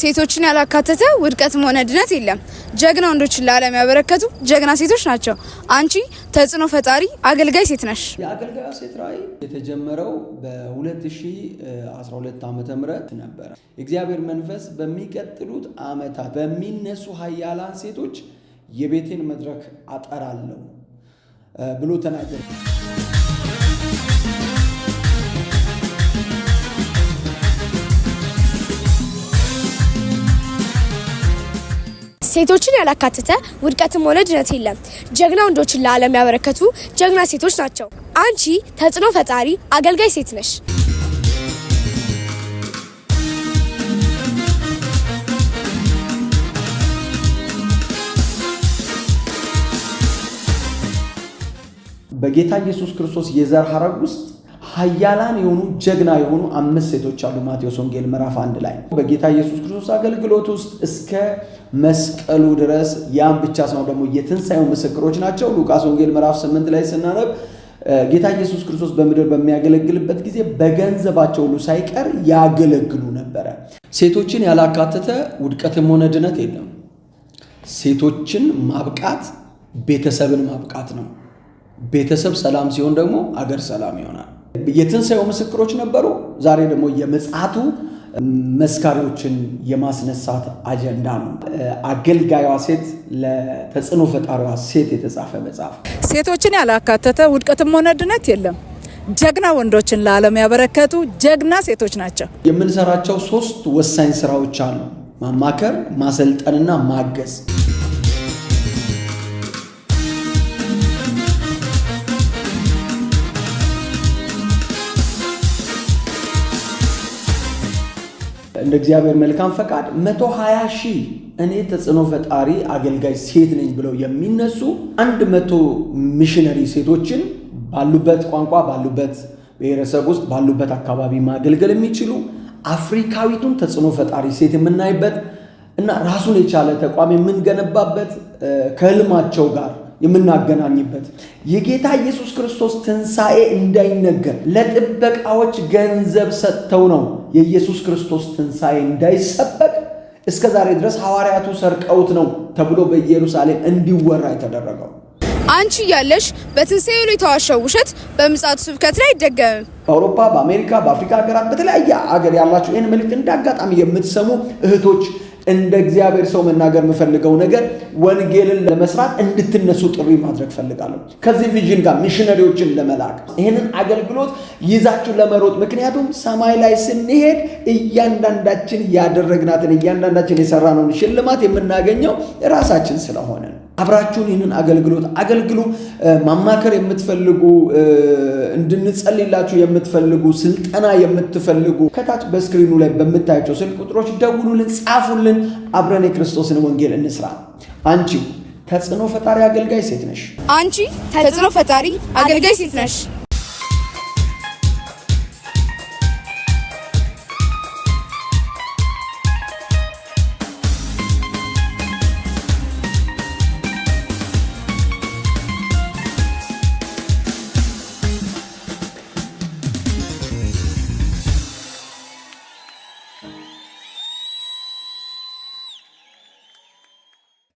ሴቶችን ያላካተተ ውድቀትም ሆነ ድነት የለም። ጀግና ወንዶችን ለዓለም ያበረከቱ ጀግና ሴቶች ናቸው። አንቺ ተጽዕኖ ፈጣሪ አገልጋይ ሴት ነሽ። የአገልጋይ ሴት ራዕይ የተጀመረው በ2012 ዓ ም ነበረ። እግዚአብሔር መንፈስ በሚቀጥሉት ዓመታት በሚነሱ ሀያላን ሴቶች የቤቴን መድረክ አጠራለሁ ብሎ ተናገረ። ሴቶችን ያላካተተ ውድቀትም ሆነ ድነት የለም። ጀግና ወንዶችን ለዓለም ያበረከቱ ጀግና ሴቶች ናቸው። አንቺ ተጽዕኖ ፈጣሪ አገልጋይ ሴት ነሽ። በጌታ ኢየሱስ ክርስቶስ የዘር ሐረግ ውስጥ ኃያላን የሆኑ ጀግና የሆኑ አምስት ሴቶች አሉ። ማቴዎስ ወንጌል ምዕራፍ አንድ ላይ በጌታ ኢየሱስ ክርስቶስ አገልግሎት ውስጥ እስከ መስቀሉ ድረስ ያም ብቻ ሰው ደግሞ የትንሣኤው ምስክሮች ናቸው። ሉቃስ ወንጌል ምዕራፍ ስምንት ላይ ስናነብ ጌታ ኢየሱስ ክርስቶስ በምድር በሚያገለግልበት ጊዜ በገንዘባቸው ሁሉ ሳይቀር ያገለግሉ ነበረ። ሴቶችን ያላካተተ ውድቀትም ሆነ ድነት የለም። ሴቶችን ማብቃት ቤተሰብን ማብቃት ነው። ቤተሰብ ሰላም ሲሆን ደግሞ አገር ሰላም ይሆናል። የትንሣኤው ምስክሮች ነበሩ። ዛሬ ደግሞ የምጽአቱ መስካሪዎችን የማስነሳት አጀንዳ ነው። አገልጋዩዋ ሴት ለተጽዕኖ ፈጣሪዋ ሴት የተጻፈ መጽሐፍ ሴቶችን ያላካተተ ውድቀትም ሆነ ድነት የለም። ጀግና ወንዶችን ለዓለም ያበረከቱ ጀግና ሴቶች ናቸው። የምንሰራቸው ሶስት ወሳኝ ስራዎች አሉ፤ ማማከር፣ ማሰልጠንና ማገዝ እንደ እግዚአብሔር መልካም ፈቃድ 120 ሺህ እኔ ተጽዕኖ ፈጣሪ አገልጋይ ሴት ነኝ ብለው የሚነሱ አንድ መቶ ሚሽነሪ ሴቶችን ባሉበት ቋንቋ ባሉበት ብሔረሰብ ውስጥ ባሉበት አካባቢ ማገልገል የሚችሉ አፍሪካዊቱን ተጽዕኖ ፈጣሪ ሴት የምናይበት እና ራሱን የቻለ ተቋም የምንገነባበት ከህልማቸው ጋር የምናገናኝበት የጌታ ኢየሱስ ክርስቶስ ትንሣኤ እንዳይነገር ለጥበቃዎች ገንዘብ ሰጥተው ነው የኢየሱስ ክርስቶስ ትንሣኤ እንዳይሰበቅ እስከ ዛሬ ድረስ ሐዋርያቱ ሰርቀውት ነው ተብሎ በኢየሩሳሌም እንዲወራ የተደረገው። አንቺ እያለሽ በትንሣኤ ላይ የተዋሸው ውሸት በምጽአቱ ስብከት ላይ አይደገምም። በአውሮፓ፣ በአሜሪካ፣ በአፍሪካ ሀገራት በተለያየ አገር ያላችሁ ይህን ምልክት እንዳጋጣሚ የምትሰሙ እህቶች እንደ እግዚአብሔር ሰው መናገር የምፈልገው ነገር ወንጌልን ለመስራት እንድትነሱ ጥሪ ማድረግ ፈልጋለሁ። ከዚህ ቪዥን ጋር ሚሽነሪዎችን ለመላክ ይህንን አገልግሎት ይዛችሁ ለመሮጥ ምክንያቱም ሰማይ ላይ ስንሄድ እያንዳንዳችን ያደረግናትን እያንዳንዳችን የሰራነውን ሽልማት የምናገኘው ራሳችን ስለሆነ ነው አብራችሁን ይህንን አገልግሎት አገልግሉ። ማማከር የምትፈልጉ እንድንጸልላችሁ የምትፈልጉ ስልጠና የምትፈልጉ ከታች በስክሪኑ ላይ በምታያቸው ስልክ ቁጥሮች ደውሉልን፣ ጻፉልን። አብረን የክርስቶስን ወንጌል እንስራ። አንቺ ተጽዕኖ ፈጣሪ አገልጋይ ሴት ነሽ። አንቺ ተጽዕኖ ፈጣሪ አገልጋይ ሴት ነሽ።